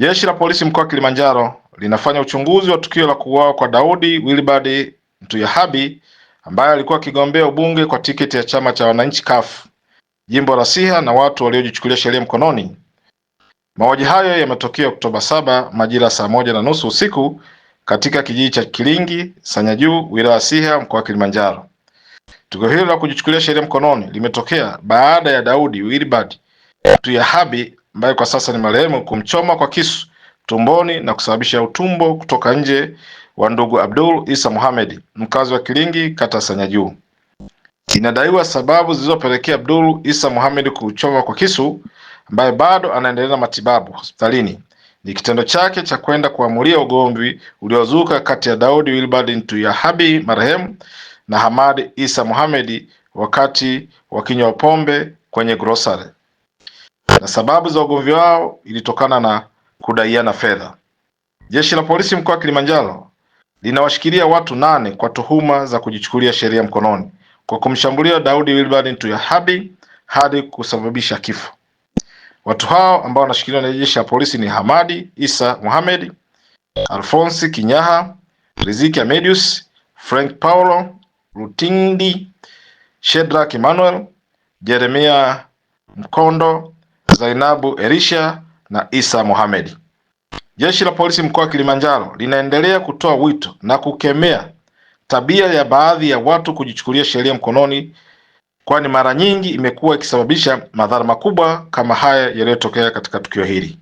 Jeshi la Polisi mkoa wa Kilimanjaro linafanya uchunguzi wa tukio la kuuawa kwa Daudi Wilbard Ntuyehabi ambaye alikuwa akigombea ubunge kwa tiketi ya chama cha wananchi CUF jimbo la Siha na watu waliojichukulia sheria mkononi. Mauaji hayo yametokea Oktoba saba majira saa moja na nusu usiku katika kijiji cha Kilingi Sanyajuu wilaya Siha mkoa wa Kilimanjaro. Tukio hilo la kujichukulia sheria mkononi limetokea baada ya Daudi Wilbard Ntuyehabi ambaye kwa sasa ni marehemu kumchoma kwa kisu tumboni na kusababisha utumbo kutoka nje wa ndugu Abdul Isa Mohamed mkazi wa Kilingi kata Sanya Juu. Inadaiwa sababu zilizopelekea Abdul Isa Mohamed kuchoma kwa kisu ambaye bado anaendelea na matibabu hospitalini ni kitendo chake cha kwenda kuamulia ugomvi uliozuka kati ya Daudi Wilbard Ntuyahabi marehemu na Hamad Isa Mohamed wakati wakinywa pombe kwenye grocery na sababu za ugomvi wao ilitokana na kudaiana fedha. Jeshi la polisi mkoa wa Kilimanjaro linawashikilia watu nane kwa tuhuma za kujichukulia sheria mkononi kwa kumshambulia Daudi Wilbard Ntuyahadi hadi kusababisha kifo. Watu hao ambao wanashikiliwa na jeshi la polisi ni Hamadi Isa Mohamed, Alfonsi Kinyaha, Riziki Amedius, Frank Paulo Rutindi, Shedrack Emmanuel, Jeremia Mkondo Zainabu Elisha na Isa Mohamed. Jeshi la Polisi mkoa wa Kilimanjaro linaendelea kutoa wito na kukemea tabia ya baadhi ya watu kujichukulia sheria mkononi, kwani mara nyingi imekuwa ikisababisha madhara makubwa kama haya yaliyotokea katika tukio hili.